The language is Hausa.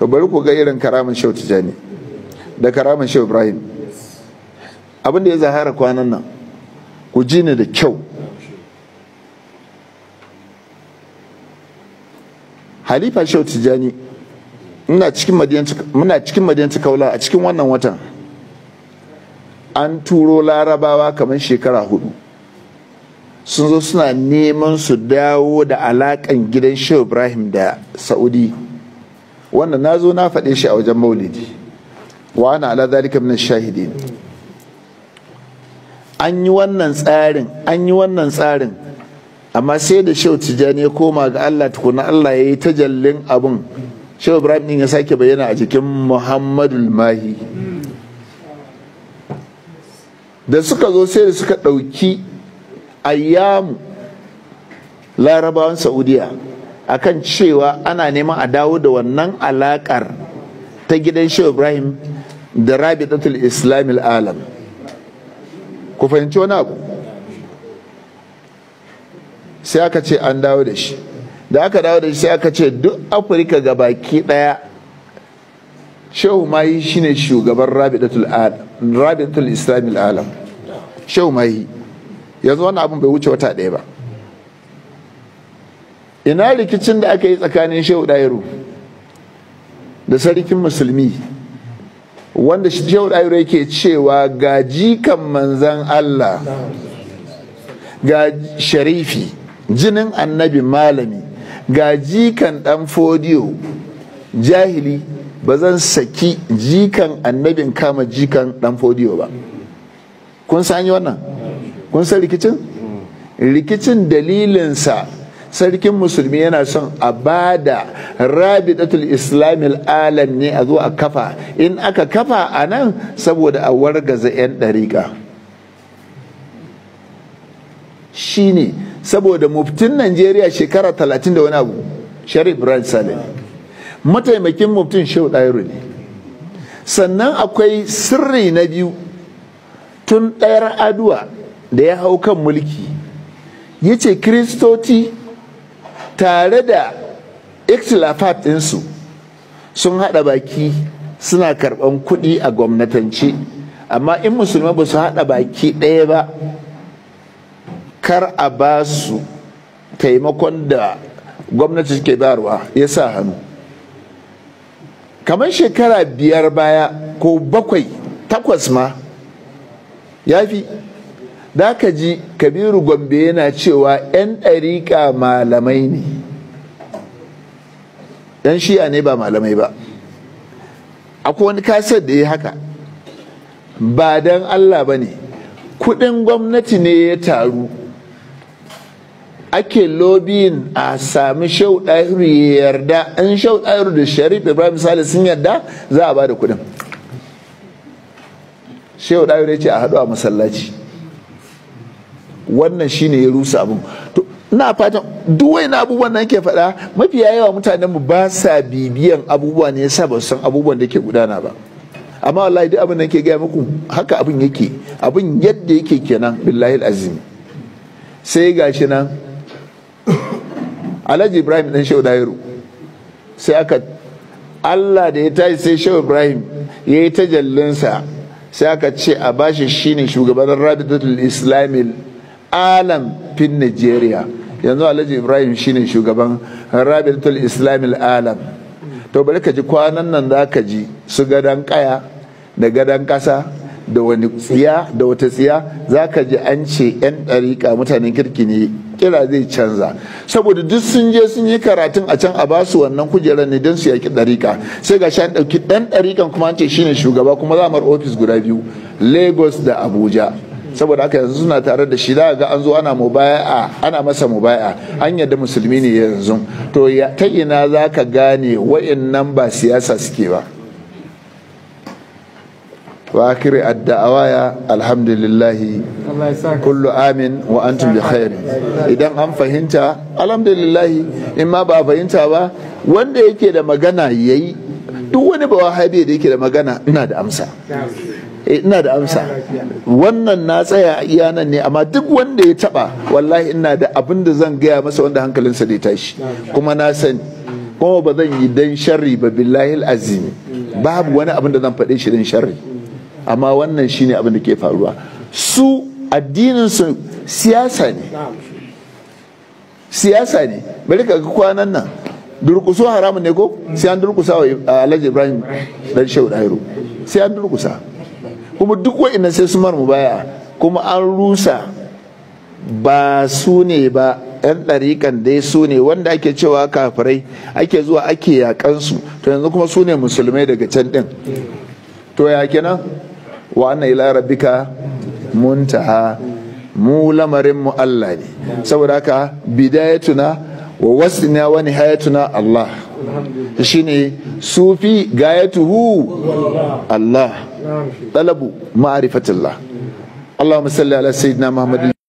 to bari ku ga irin karamin shehu tijani da karamin shehu ibrahim abin da ya zahara kwanan nan ku ji ni da kyau halifa shehu tijani muna cikin madiyanci kaula a cikin wannan watan an turo larabawa kamar shekara hudu sun zo suna neman su dawo da alakan gidan shehu ibrahim da saudi wannan na zo na faɗe shi a wajen maulidi wa ana ala zalika min shahidin an yi wannan tsarin an yi wannan tsarin amma sai da shehu tijjani ya koma ga Allah tukuna Allah ya yi tajallin abin shehu ibrahim din ya sake bayyana a jikin muhammadul mahi da suka zo sai da suka ɗauki ayyamu larabawan saudiya akan cewa ana neman a dawo da wannan alakar ta gidan shi ibrahim da rabitatul islamil alam ku fahimci wani abu sai aka ce an dawo da shi da aka dawo da shi sai aka ce duk afirka ga baki daya shehu mayi shine shugaban rabitatul islamil alam shehu mayi yanzu wannan abin bai wuce wata daya ba ina rikicin da aka yi tsakanin shehu ɗayiru da sarkin musulmi wanda shehu ɗayiru yake cewa ga jikan manzan Allah ga sharifi jinin annabi malami ga jikan ɗan fodiyo jahili ba zan saki jikan annabin kama jikan ɗan fodiyo ba kun sanyi wannan kun san rikicin rikicin dalilinsa sarkin musulmi yana son a bada rabidatul islamil alam ne a zo a kafa in aka kafa a nan saboda a wargaza 'yan ɗariƙa shi ne saboda muftin najeriya shekara talatin da wani abu sharif brian salim mataimakin muftin shehu ɗairu ne sannan akwai sirri na biyu tun ɗayar aduwa da ya hau kan mulki ya ce kiristoci tare da ikhtilafat ɗinsu sun haɗa baki suna karɓan kuɗi a gwamnatance amma in musulmai ba su haɗa baki ɗaya ba kar a ba su taimakon da gwamnati ke bayarwa ya sa hannu kamar shekara biyar baya ko bakwai takwas ma ya fi da ka ji kabiru gombe yana cewa 'yan ɗariƙa malamai ne yan shi'a ne ba malamai ba akwai wani kasar da ya haka ba don allah ba ne kudin gwamnati ne ya taru ake lobin a sami shauɗari ya yarda an da sharif ibrahim sale sun yarda za a ba da kudin shau ce a haɗu a masallaci wannan shine ya rusa abin to ina fatan duk wani abubuwan da ke faɗa mafiya yawa mutanen mu ba sa bibiyan abubuwa ne yasa ba san abubuwan da ke gudana ba amma wallahi duk abin da ke gaya muku haka abin yake abin yadda yake kenan billahi azim sai ga shi nan alhaji ibrahim dan shehu dairu sai aka allah da ya tashi sai shehu ibrahim ya yi tajallinsa sai aka ce a bashi shine shugaban rabitatul islamil alam fin nigeria yanzu alhaji ibrahim shine shugaban rabitul islamil alam to bari ka ji kwanan nan za ka ji su gadon kaya da gadon kasa da wani tsiya da wata tsiya za ka ji an ce 'yan ɗariƙa mutanen kirki ne kira zai canza saboda duk sun je sun yi karatun a can a basu wannan kujerar ne don su yaƙi ɗariƙa sai ga shan ɗauki ɗan ɗariƙan kuma an ce shine shugaba kuma za mar ofis guda biyu lagos da abuja saboda haka yanzu suna tare da shi za ga an zo ana mubaya'a ana masa mubaya'a an yadda musulmi ne yanzu to ta ina za ka gane wa'annan ba siyasa suke ba wa akhiri ad-da'awaya alhamdulillah kullu amin wa idan an fahimta alhamdulillah in ma ba fahimta ba wanda yake da magana yayi duk wani ba wahabi da yake da magana ina da amsa Eh, ina da amsa wannan na tsaya iya nan ne amma duk wanda ya taba wallahi ina da abin da zan gaya masa wanda hankalinsa da tashi kuma na sani kuma ba zan yi dan sharri ba billahi azimi babu wani abin da zan faɗe shi dan sharri amma wannan shine abin da ke faruwa su addinin su siyasa ne siyasa ne bari ka ga kwanan nan durkusu haramun ne ko sai an durkusa wa eh, Alhaji Ibrahim dan Shehu dairu sai durkusa kuma duk waina sai sun mu baya kuma an rusa ba su ne ba yan ɗariƙan dai su ne wanda ake cewa kafirai ake zuwa ake yaƙansu to yanzu kuma su ne musulmai daga can ɗin to ya kenan wa anna ila rabbika muntaha mu lamarin mu Allah ne saboda haka bidayatuna wa wasna wa nihayatuna Allah shine sufi gayatuhu Allah talabu ma'rifatillah Allahumma salli ala sayyidina Muhammad